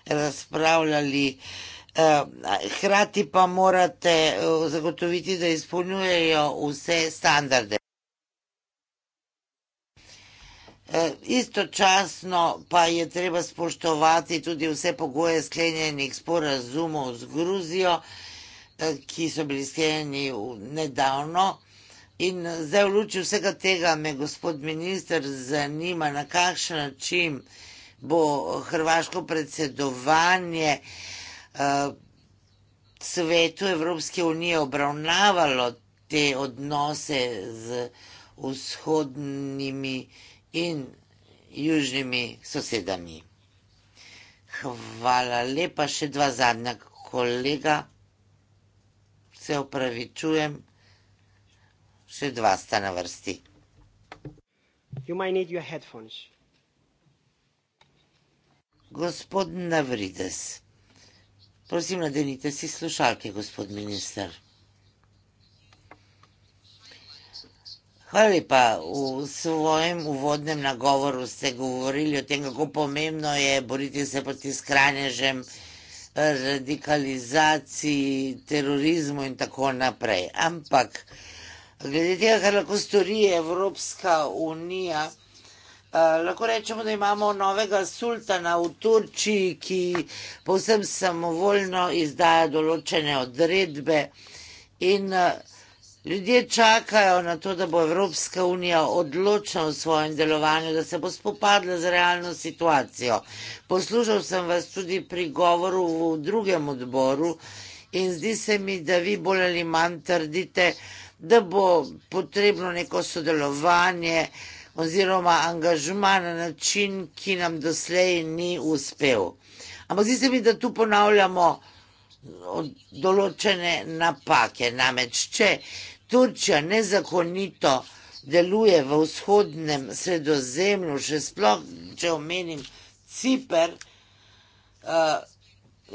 razpravljali. Hrati eh, pa morate eh, zagotoviti, da izpolnjujejo vse standarde. Eh, istočasno pa je treba spoštovati tudi vse pogoje sklenjenih sporazumov z Gruzijo, eh, ki so bili sklenjeni nedavno. In zdaj v luči vsega tega me gospod minister zanima, na kakšen način bo hrvaško predsedovanje eh, svetu Evropske unije obravnavalo te odnose z vzhodnimi in južnimi sosedami. Hvala lepa, še dva zadnja kolega, se upravičujem, še dva sta na vrsti. Gospod Navrides, prosim, nadenite si slušalke, gospod minister. Hvala lepa. V svojem uvodnem nagovoru ste govorili o tem, kako pomembno je boriti se proti skrajnežem, radikalizaciji, terorizmu in tako naprej. Ampak glede tega, kar lahko stori Evropska unija, eh, lahko rečemo, da imamo novega sultana v Turčiji, ki povsem samovoljno izdaja določene odredbe in eh, Ljudje čakajo na to, da bo Evropska unija odločna v svojem delovanju, da se bo spopadla z realno situacijo. Poslušal sem vas tudi pri govoru v drugem odboru in zdi se mi, da vi bolj ali manj trdite, da bo potrebno neko sodelovanje oziroma angažma na način, ki nam doslej ni uspel. Ampak zdi se mi, da tu ponavljamo določene napake. Namreč, če Turčija nezakonito deluje v vzhodnem sredozemlju, še sploh, če omenim Cipr, eh,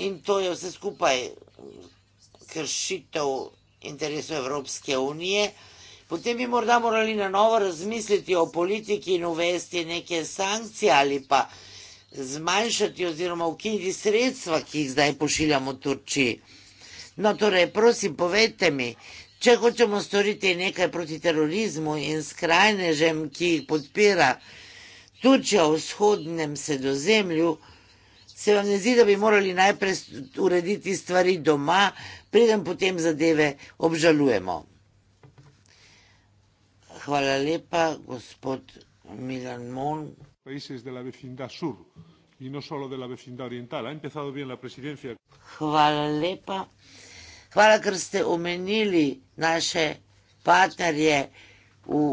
in to je vse skupaj kršitev interesov Evropske unije, potem bi morda morali na novo razmisliti o politiki in uvesti neke sankcije ali pa zmanjšati oziroma ukiniti sredstva, ki jih zdaj pošiljamo Turčiji. No, torej, prosim, povedite mi, če hočemo storiti nekaj proti terorizmu in skrajnežem, ki jih podpira Turčija v vzhodnem sredozemlju, se vam ne zdi, da bi morali najprej urediti stvari doma, preden potem zadeve obžalujemo. Hvala lepa, gospod Milan Mon, países de la vecindad sur y no solo de la vecindad oriental. Ha empezado bien la presidencia. Hvala lepa. Hvala, ker ste omenili naše partnerje v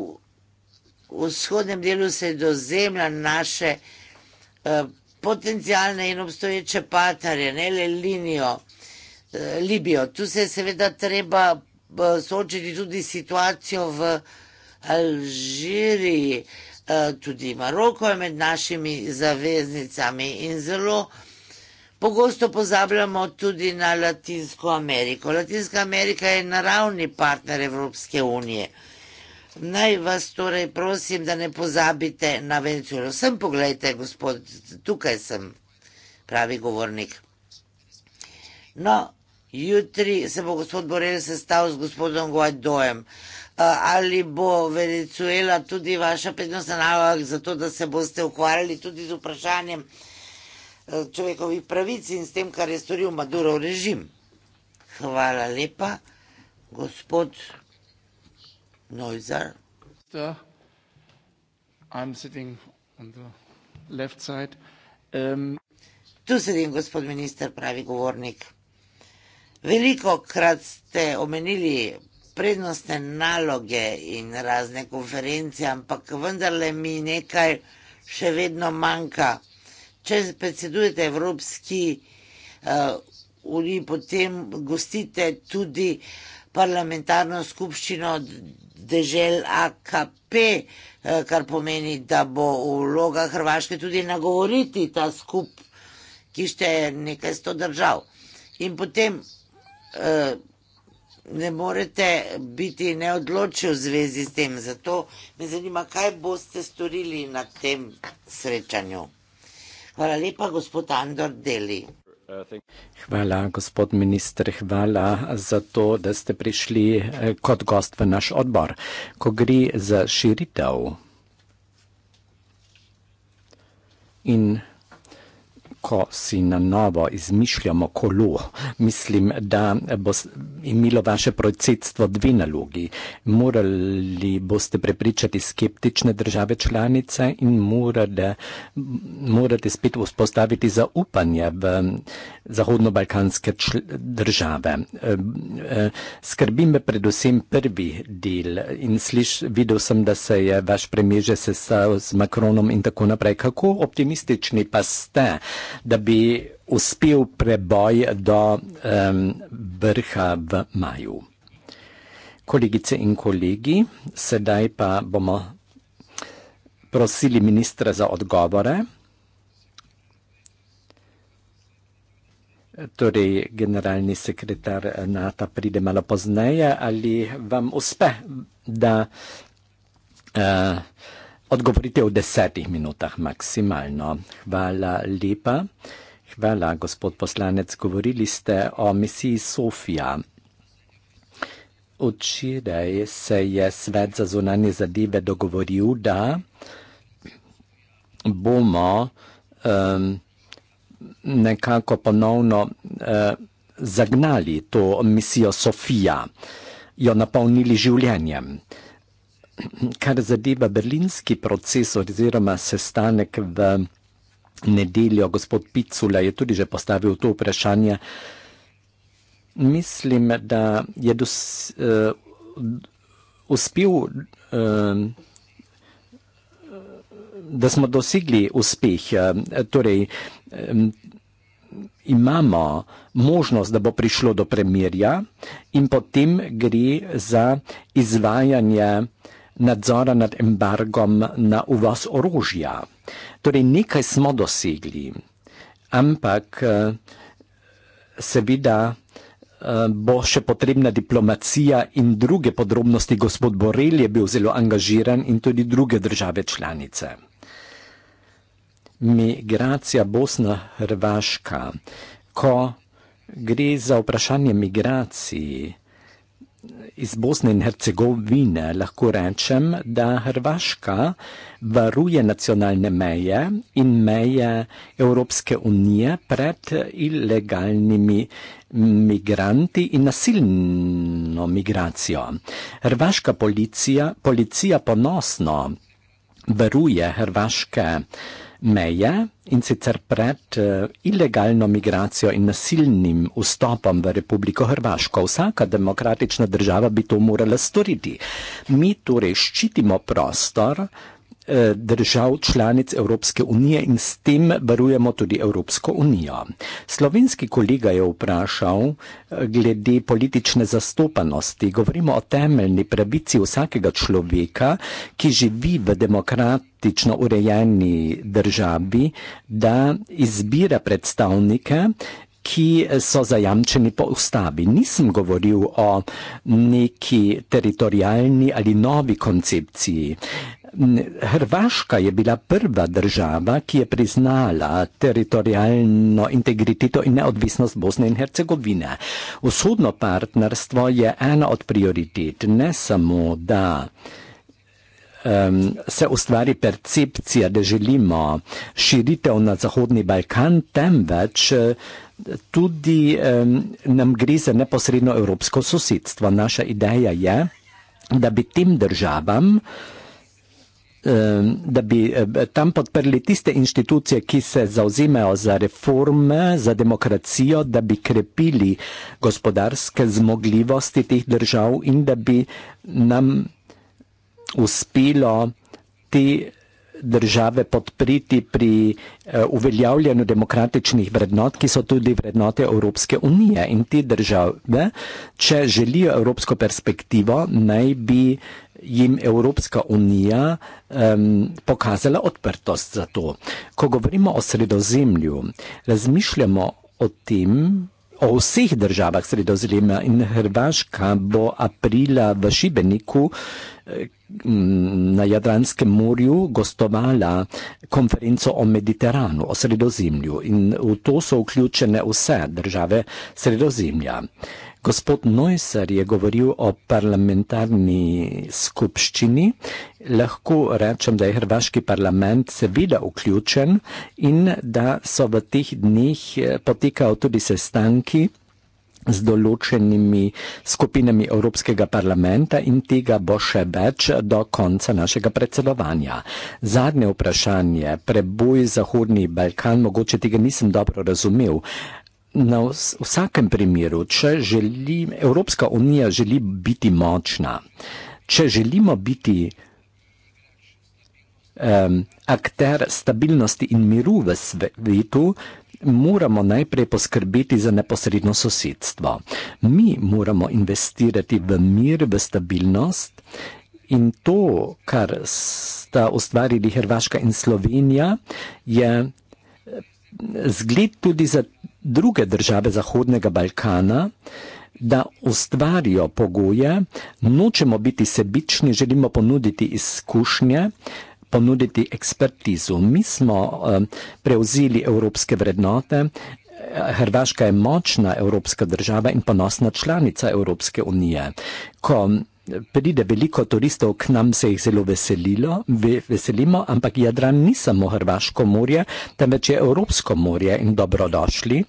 vzhodnem delu sredozemlja, naše eh, potencijalne in obstoječe partnerje, ne le linijo eh, Libijo. Tu se je seveda treba eh, soočiti tudi situacijo v Alžiriji. Eh, Eh, tudi Maroko je med našimi zaveznicami in zelo pogosto pozabljamo tudi na Latinsko Ameriko. Latinska Amerika je naravni partner Evropske unije. Naj vas torej prosim, da ne pozabite na Venezuelo. Sem pogledajte, gospod, tukaj sem pravi govornik. No, jutri se bo gospod Borel sestavil z gospodom Guaidojem. Eh, ali bo Venezuela tudi vaša prednostna naloga, zato da se boste ukvarjali tudi z vprašanjem eh, človekovih pravic in s tem, kar je storil Madurov režim. Hvala lepa, gospod Nojzar. Um, tu sedim, gospod minister, pravi govornik. Veliko krat ste omenili prednostne naloge in razne konference, ampak vendarle mi nekaj še vedno manjka. Če predsedujete Evropski eh, uniji, uh, potem gostite tudi parlamentarno skupščino dežel AKP, uh, eh, kar pomeni, da bo vloga Hrvaške tudi nagovoriti ta skup, ki šteje nekaj sto držav. In potem. Uh, ne morete biti neodločni v zvezi s tem. Zato me zanima, kaj boste storili na tem srečanju. Hvala lepa, gospod Andor Deli. Hvala, gospod minister, hvala za to, da ste prišli eh, kot gost v naš odbor. Ko gre za širitev in ko si na novo izmišljamo kolo, mislim, da bo imelo vaše predsedstvo dve nalogi. Morali boste prepričati skeptične države članice in morate, morate spet vzpostaviti zaupanje v zahodnobalkanske čl- države. Eh, eh, Skrbim me predvsem prvi del in sliš, videl sem, da se je vaš premije že sesal z Macronom in tako naprej. Kako optimistični pa ste? da bi uspel preboj do um, vrha v maju. Kolegice in kolegi, sedaj pa bomo prosili ministra za odgovore. Torej, generalni sekretar eh, NATO pride malo pozneje, ali vam uspe, da uh, Odgovorite v desetih minutah maksimalno. Hvala lepa. Hvala, gospod poslanec. Govorili ste o misiji Sofija. Včeraj se je svet za zunanje zadeve dogovoril, da bomo um, nekako ponovno uh, zagnali to misijo Sofija, jo napolnili življenjem. Uh, kar zadeva berlinski proces oziroma sestanek v nedeljo, gospod Picula je tudi že postavil to vprašanje. Mislim, da je dos, uh, uspel, uh, da smo dosegli uspeh. Uh, torej, um, imamo možnost, da bo prišlo do premirja in potem gre za izvajanje uh, nadzora nad embargom na uvoz orožja. Torej, nekaj smo dosegli, ampak eh, seveda eh, bo še potrebna diplomacija in druge podrobnosti. Gospod Borel je bil zelo angažiran in tudi druge države članice. Migracija Bosna-Hrvaška. Ko gre za vprašanje migraciji, iz Bosne in Hercegovine lahko rečem, da Hrvaška varuje nacionalne meje in meje Evropske unije pred ilegalnimi migranti in nasilno migracijo. Hrvaška policija, policija ponosno varuje hrvaške meje in sicer pred uh, ilegalno migracijo in nasilnim vstopom v Republiko Hrvaško. Vsaka demokratična država bi to morala storiti. Mi torej ščitimo prostor, Eh, držav članic Evropske unije in s tem varujemo tudi Evropsko unijo. Slovenski kolega je vprašal eh, glede politične zastopanosti. Govorimo o temeljni pravici vsakega človeka, ki živi v demokratično urejeni državi, da izbira predstavnike, ki so zajamčeni po ustavi. Nisem govoril o neki teritorijalni ali novi koncepciji. Hrvaška je bila prva država, ki je priznala teritorijalno integriteto in neodvisnost Bosne in Hercegovine. Vzhodno partnerstvo je ena od prioritet, ne samo da se ustvari percepcija, da želimo širitev na Zahodni Balkan, temveč tudi eh, nam gre za neposredno evropsko sosedstvo. Naša ideja je, da bi tem državam, eh, da bi tam podprli tiste inštitucije, ki se zauzemajo za reforme, za demokracijo, da bi krepili gospodarske zmogljivosti teh držav in da bi nam uspelo te države podpriti pri eh, uveljavljanju demokratičnih vrednot, ki so tudi vrednote Evropske unije. In ti države, če želijo evropsko perspektivo, naj bi jim Evropska unija um, pokazala odprtost za to. Ko govorimo o sredozemlju, razmišljamo o tem, o vseh državah sredozemlja in Hrvaška bo aprila v Šibeniku eh, na Jadranskem morju gostovala konferenco o Mediteranu, o sredozemlju in v to so vključene vse države sredozemlja. Gospod Neusser je govoril o parlamentarni skupščini. Lahko rečem, da je hrvaški parlament seveda vključen in da so v teh dneh eh, potekali tudi sestanki z določenimi skupinami Evropskega parlamenta in tega bo še več do konca našega predsedovanja. Zadnje vprašanje, preboj Zahodni Balkan, mogoče tega nisem dobro razumel na vsakem primeru, če želi, Evropska unija želi biti močna, če želimo biti um, akter stabilnosti in miru v svetu, moramo najprej poskrbeti za neposredno sosedstvo. Mi moramo investirati v mir, v stabilnost in to, kar sta ustvarili Hrvaška in Slovenija, je zgled tudi za druge države Zahodnega Balkana, da ustvarijo pogoje, nočemo biti sebični, želimo ponuditi izkušnje, ponuditi ekspertizo. Mi smo eh, prevzeli evropske vrednote. Eh, Hrvaška je močna evropska država in ponosna članica Evropske unije. Ko pride veliko turistov, k nam se jih zelo veselilo, ve, veselimo, ampak Jadran ni samo Hrvaško morje, temveč je Evropsko morje in dobrodošli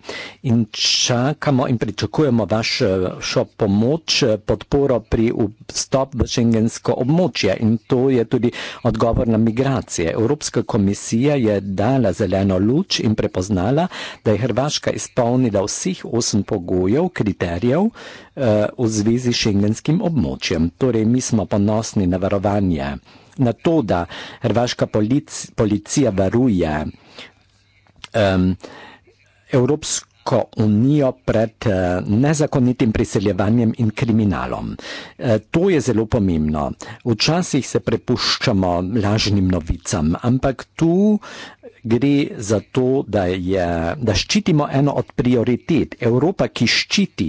in čakamo in pričakujemo eh, vašo pomoč, eh, podporo pri vstop v šengensko območje in to je tudi odgovor na migracije. Evropska komisija je dala zeleno luč in prepoznala, da je Hrvaška izpolnila vseh osem pogojev, kriterijev eh, v zvezi s šengenskim območjem torej mi smo ponosni na varovanje, na to, da hrvaška polici, policija varuje um, Evropsko unijo pred uh, nezakonitim priseljevanjem in kriminalom. Uh, to je zelo pomembno. Včasih se prepuščamo lažnim novicam, ampak tu. Gre za to, da, je, da ščitimo eno od prioritet. Evropa, ki ščiti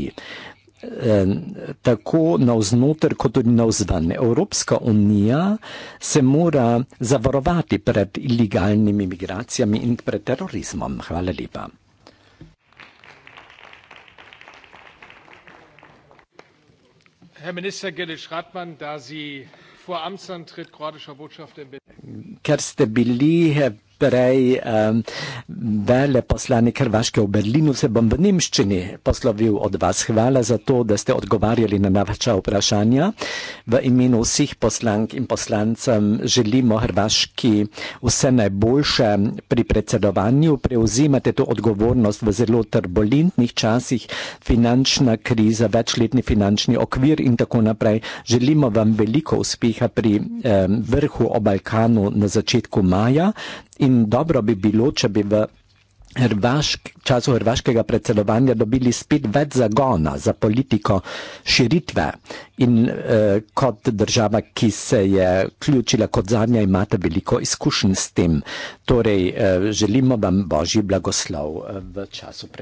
tako navznoter kot tudi navzven. Evropska unija se mora zavarovati pred ilegalnimi migracijami in pred terorizmom. Hvala lepa. Ker ste bili eh, prej um, vele poslani Hrvaške v Berlinu, se bom v Nemščini poslovil od vas. Hvala za to, da ste odgovarjali na navača vprašanja. V imenu vseh poslank in poslancem želimo Hrvaški vse najboljše pri predsedovanju. Preuzimate to odgovornost v zelo turbulentnih časih, finančna kriza, večletni finančni okvir in tako naprej. Želimo vam veliko uspeha pri um, vrhu o Balkanu na začetku maja in dobro bi bilo, če bi v Hrvašk, času hrvaškega predsedovanja dobili spet več zagona za politiko širitve in eh, kot država, ki se je vključila kot zadnja, imate veliko izkušenj s tem. Torej, eh, želimo vam božji blagoslov eh, v času predsedovanja.